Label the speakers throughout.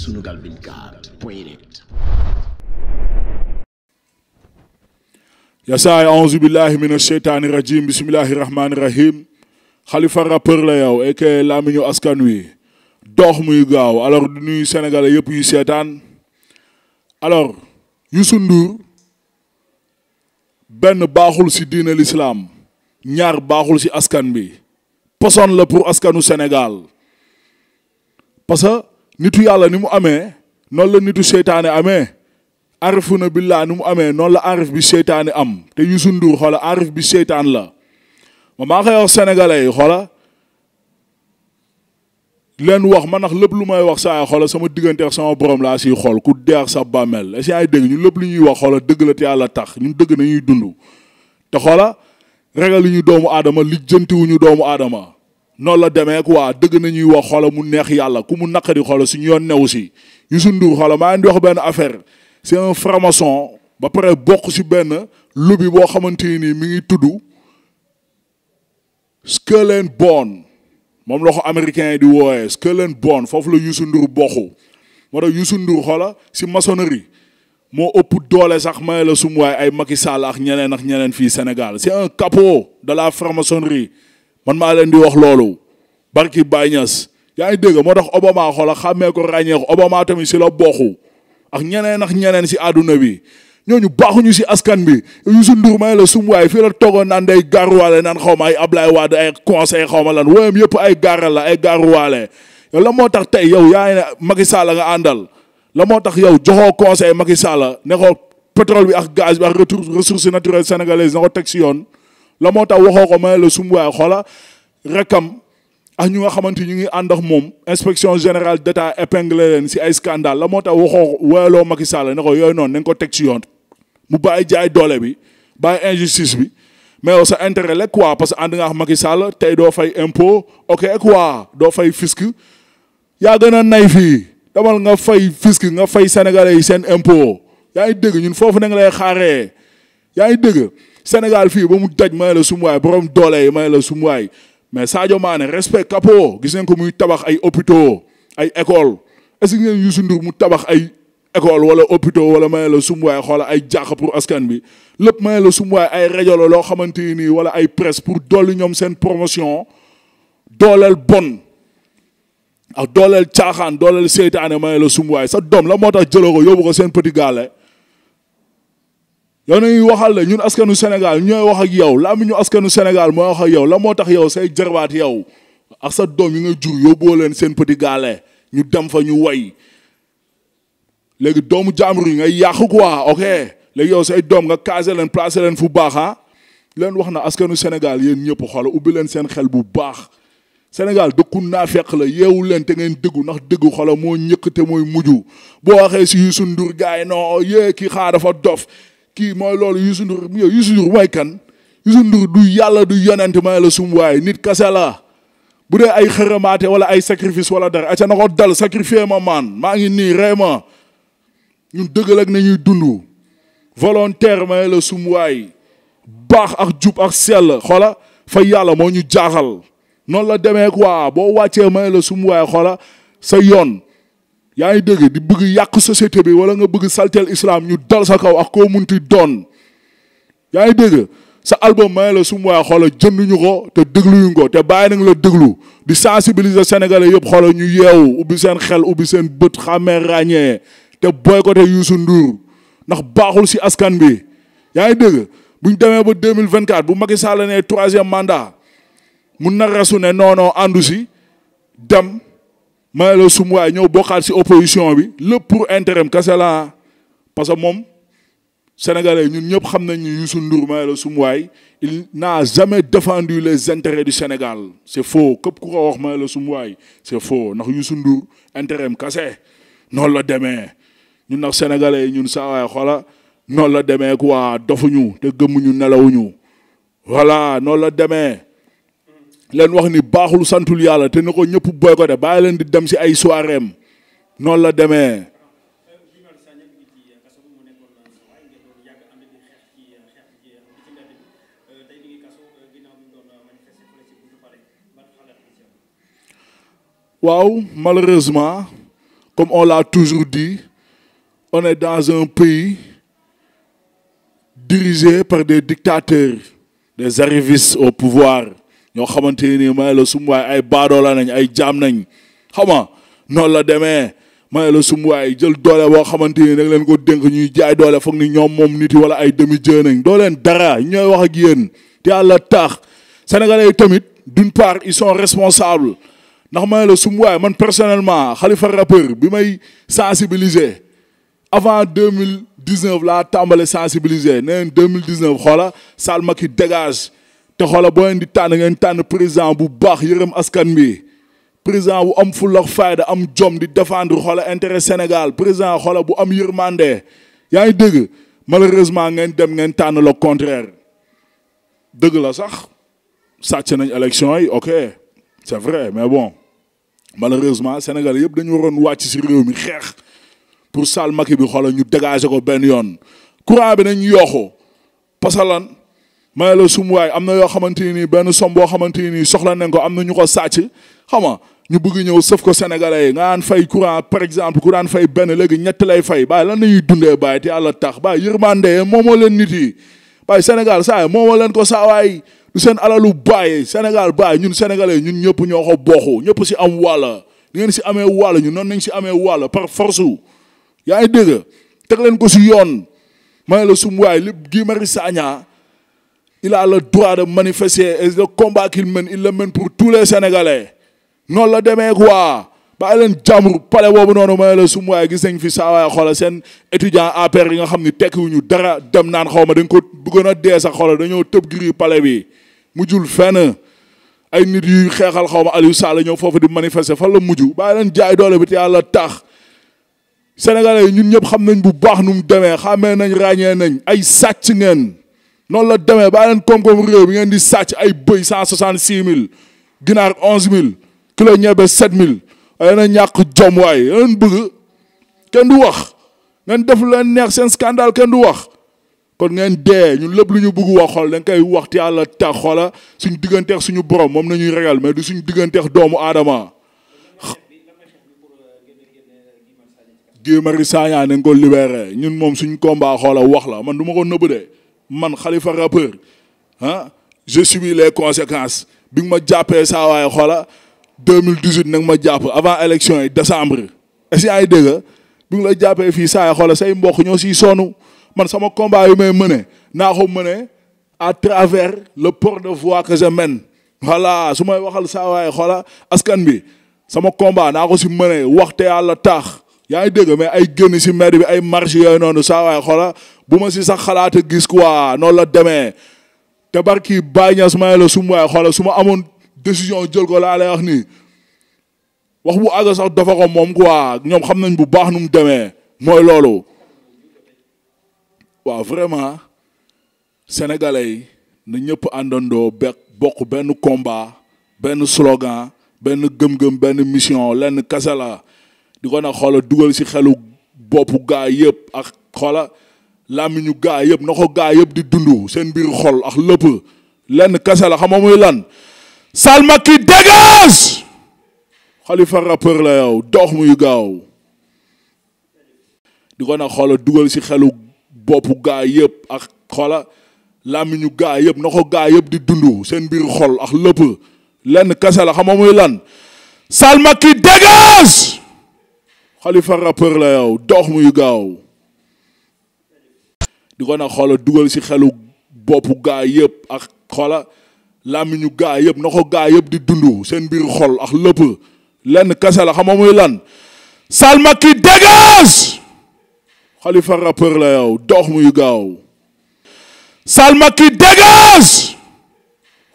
Speaker 1: Sunugal 24 point net l'information à yasaay aouzu billahi mina sheytaani rajim bismillahi rahmaani rahim xalifa rappeur la yow ek lamiñu askan wi dox muy gaaw alors du nuyu sénégalais yëpp yu seetaan alors Youssou Ndour benn baaxul ci diine l'islam ñaar baaxul ci askan bi personne la pour askanu Sénégal parce que nitu yàlla ni mu amee noonu la nitu seytaane amee arif na billaa ni mu amee noonu la arif bi seytaane am te Youssou Ndour xoola arif bi seytaan la ma maa koy wax sénégalais yi xoola leen wax ma nax lépp lu may wax saa xoola sama diggante sama borom laa siy xool ku deex sa bàmmeel la ce que ay dégg ñun lépp lu ñuy wax xoola dëgg la te yàlla tax ñun dëgg na ñuy dund te xoola ñu doomu aadama lijjantiwuñu doomu aadama noonu la demee quoi dëgg na ñuy wax xolo mu neex yàlla ku mu naqari xolo suñu yoon new si Youssou Ndour xolo maa ngi di wax benn affaire c'est framason ba pare bokk si benn lobby boo xamante nii mi ngi tudd Skull and moom la ko américain yi di wooyee Skull and foofu la Youssou Ndour bokku moo tax Youssou Ndour xolo si maçonnerie moo ëpp doole sax may la sum ay Macky Sall ak ñeneen ak ñeneen fii Sénégal c'est un capot de la franc-maçonnerie man maa leen di wax loolu barki Baye Niass yaa ngi dégg moo tax Obama xoola xàmmee ko ràññee ko Obama tamit si la bokku ak ñeneen ak ñeneen si àdduna bi ñooñu baaxuñu si askan bi Youssou Ndour may la sum waay fii la toogoon naan day gaaruwaale naan xaw ma ay Ablaye Wade ay conseil xaw ma lan woyam yëpp ay gaaral la ay gaaruwaale yow moo tax tey yow yaa ngi ne nga àndal la moo tax yow joxoo conseil Macky Sall ne ko pétrole bi ak gaz bi ak ressources naturelles sénégalaises na ko teg si yoon la moo tax waxoo ko ma la sumwaay xoola rekam ak ñu nga xamante ñu ngi ànd ak moom inspection générale d'État épinglé leen si ay scandale la moo tax waxoo woyaloo Macky Sall ne ko yooyu noonu nañ ko teg ci yoon mu bàyyi jaay doole bi bàyyi injustice bi mais o sa intérêt la quoi parce que ànd nga ak Macky tey doo fay impo ok doo fay fisc demal nga fay fisc nga fay sénégalais yi seen impôt yaa ngi dégg ñun foofu na nga lay xaaree yaa ngi dégg Sénégal fii ba mu daj may la sumuwaay borom doole yi may la sumuwaay mais Sadio maane respect capot gis nañ ko muy tabax ay hôpitaux ay école est-ce que ngeen Youssou mu tabax ay école wala hôpitaux wala may la sumuwaay xoola ay jàq pour askan bi lépp may la sumuwaay ay rajo la loo xamante nii wala ay presse pour dolli ñoom seen promotion dooleel bon ak dooleel caaxaan dooleel seytaane may la sumwaay sa doom la moo tax jëloo ko yóbbu ko seen petit gaale yow nañuy waxal la ñun askanu Sénégal ñooy wax ak yow la am ñu askanu Sénégal moo wax ak yow la moo tax yow say jarbaat yow ak sa doom yi nga jur yóbboo leen seen petit gaale ñu dem fa ñu way léegi doomu jaambur yi nga yàq quoi ok léegi yow say doom nga casé leen placé leen fu baax ah? leen wax na askanu Sénégal yéen ñëpp xool ubbi leen seen xel bu baax Sénégal dëkku naa fekk la yeewu leen te ngeen dëggu ndax dëggu xola moo ñëkk te mooy mujj boo waxee si Youssou Ndour gaay noo yee kii xaa dafa dof kii mooy loolu Youssou Ndour Youssou Ndour mooy kan Youssou du yàlla du yonent may la sum nit kase bu dee ay xërëmaate wala ay sacrifice wala dara aca na ko dal sacrifier ma maan maa ngi nii rey ma ñun dëggal ak nañuy dund volontaire may la sum waay baax ak jub ak sell xola fa yàlla moo ñu jaaxal noonu la demee quoi boo wàccee may la su mu waay xoola sa yoon yaa ngi dégg di bëgg yàq société bi wala nga bëgg saltel islam ñu dal sa kaw ak koo munti doon yaa ngi dégg sa album may la su mu waay xoola jënduñu ko te dégluñu ko te bàyyi nang la déglu di sensibiliser sénégalais yëpp xoola ñu yeewu ubbi seen xel ubbi seen bët xamee ràññee te boycotté Youssou Ndour ndax baaxul si askan bi yaa ngi dégg buñ demee ba 2024 bu Macky Sall nee troisième mandat mu narasu ne noonoo àndu si dem ma la sum waay ñëw xaal si opposition bi lépp pour intérêt kase la parce que moom sénégalais ñun ñëpp xam nañ ni Youssou Ndour ma la sum waay il jamais défendu les intérêts du Sénégal c'est faux képp ku ko wax ma la sum waay c'est faux ndax Youssou Ndour intérêt kase noonu la demee ñun nag sénégalais ñun saa waay xoola noonu la demee quoi dofuñu te gëmmuñu nelawuñu voilà noonu la demee. leen wax ni baaxul santul yàlla te na ko ñëpp boycotté bàyyi leen di dem si ay soirée am noonu la demee. waaw malheureusement comme on l'a toujours di on est dans un pays dirigé par des dictateurs des arrivistes au pouvoir ñoo xamante nii may la sum waay ay baadoola nañ ay jaam nañ xama noonu la demee may la sum waay jël doole boo xamante ni da leen ko dénk ñuy jaay doole foog ni ñoom moom nit yi wala ay demi jeu nañ doo dara ñooy wax ak yéen te yàlla taax sénégalais yi tamit d'une part ils son responsables ndax may la sum waay man personnellement Khalifa rappeur bi may sensibiliser avant deux mille dix-neuf laa tàmbale sensibiliser nee deux mille dix-neuf xoola Salma ki dégage te xoola boo leen di tànn ngeen tànn président bu baax yërëm askan bi président bu am fulla ak fayda am jom di défendre xoola intérêt Sénégal président xoola bu am yërmande yaa ngi dégg malheureusement ngeen dem ngeen tànn le contraire dëgg la sax sàcc nañ élection yi ok c'est vrai mais bon malheureusement Sénégal yëpp dañu waroon wàcc si réew mi xeex pour Sall Macky bi xoola ñu dégager ko benn yoon courant bi nañ yooxu parce may la sumu waay am na yoo xamante ni benn som boo xamante ni soxla nañ ko am na ñu ko sàcc xam nga ñu bëgg ñëw sëf ko sénégalais yi nga daan fay courant par exemple ku daan fay benn léegi ñett lay fay baay lan nañuy dundee baay te yàlla tax baay yërmande moomoo leen nit yi baay Sénégal saa moomoo leen ko saawaay waay du seen alalu baay Sénégal baay ñun sénégalais ñun ñëpp ñoo ko bokku ñëpp si am wàlla di ngeen si amee wàll ñu noon nañ si amee wàll par force yaa ngi dégg teg leen ko si yoon may la sumu waay li gii mari saña il a le droit de manifester et le combat qu'il mène il le mène pour tous les sénégalais la demee quoi ba leen jàmbur pale boobu noonu mooy la su gis nañ fi saa waay xoola seen étudiant APR yi nga xam ni tekkiwuñu dara dem naan xaw ma dañ ko bëggoon a dee sax xoola dañoo tëb giri pale bi mujjul fenn ay nit yuy xeexal xaw ma Aliou Sall ñëw foofu di manifester fan la mujj baa leen jaay doole bi te yàlla tax sénégalais yi ñun ñëpp xam nañ bu baax nu mu demee xàmmee nañ ràññee nañ ay sàcc ngeen noonu la demee baa leen koom-koom réew bi ngeen di sàcc ay bëy cent soixante six mille ginaar onze mille kilo ñebe sept mille ay na ñàkk jom waay leen bëgg kenn du wax ngeen def leen neex seen scandale kenn du wax kon ngeen dee ñu lépp lu ñu bugg wax xool dañ koy waxti yàlla tax xoola suñ digganteex suñu borom moom nañuy ragal mais du suñ digganteex doomu aadama Guy Marius Sagna nañ ko libéré ñun moom suñ combat xoola wax la man du ma ko nëbb dee man Khalifa rappeur ah je subis les conséquences bi nga ma jàppee saa waay xoola 2018 nag ma jàpp avant élection yi décembre est-ce que yaa dégg bi nga la jàppee fii saa waay say mbokk ñoo siy soonu man sama combat yu may mëne naa ko mëne à travers le port de voix que je mène voilà su may waxal saawaay waay askan bi sama combat naa ko si mëne waxte la taax yaa ngi dégg mais ay génn si maire bi ay marche yooyu noonu saa waay bu ma si sax xalaat a gis quoi noonu la demee te barki Baye Niass may la su ma waay xoolal su ma amoon décision jël ko laa lay wax nii wax bu àgg sax dafa ko moom quoi ñoom xam nañ bu baax nu mu demee mooy loolu waaw vraiment sénégalais yi na ñëpp àndandoo be bokk benn combat benn slogan benn gëm benn mission lenn kase di ko nag xoola dugal si xelu boppu gaa yëpp ak xoola làmmiñu gaa yëpp na ko gaa yëpp di dund seen biir xol ak lépp lenn kese la xam muy lan Salma ki dégage Khalifa rappeur la yow dox muy gaaw di ko nag xoola dugal ci xelu boppu gaa yëpp ak xoola làmmiñu gaa yëpp na ko gaa yëpp di dund seen biir xol ak lépp lenn kese la xam muy lan Salma ki dégage Khalifa rappeur la yow dox muy gaaw di ko nag xoola dugal si xelu boppu gaa yépp ak xoola làmmiñu gaa yëpp na ko gaa yëpp di dund seen biir xol ak lépp lenn kese la muy lan Salma ki dégage Khalifa rappeur la yow dox muy gaaw Salma ki dégage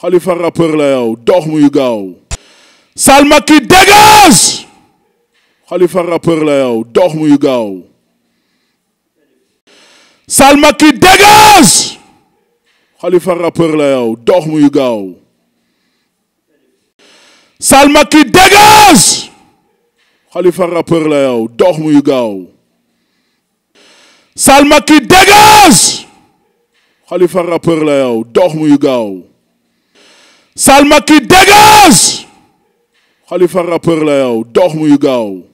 Speaker 1: Khalifa rappeur la yow dox muy gaaw Salma ki dégage muy gaaw Salma ki dégage Khalifa rappeur la yow dox muy gaaw Salma ki dégage Khalifa rappeur la yow dox muy gaaw Salma ki dégage Khalifa rappeur la yow dox muy gaaw Salma ki dégage Khalifa rappeur la yow dox muy gaaw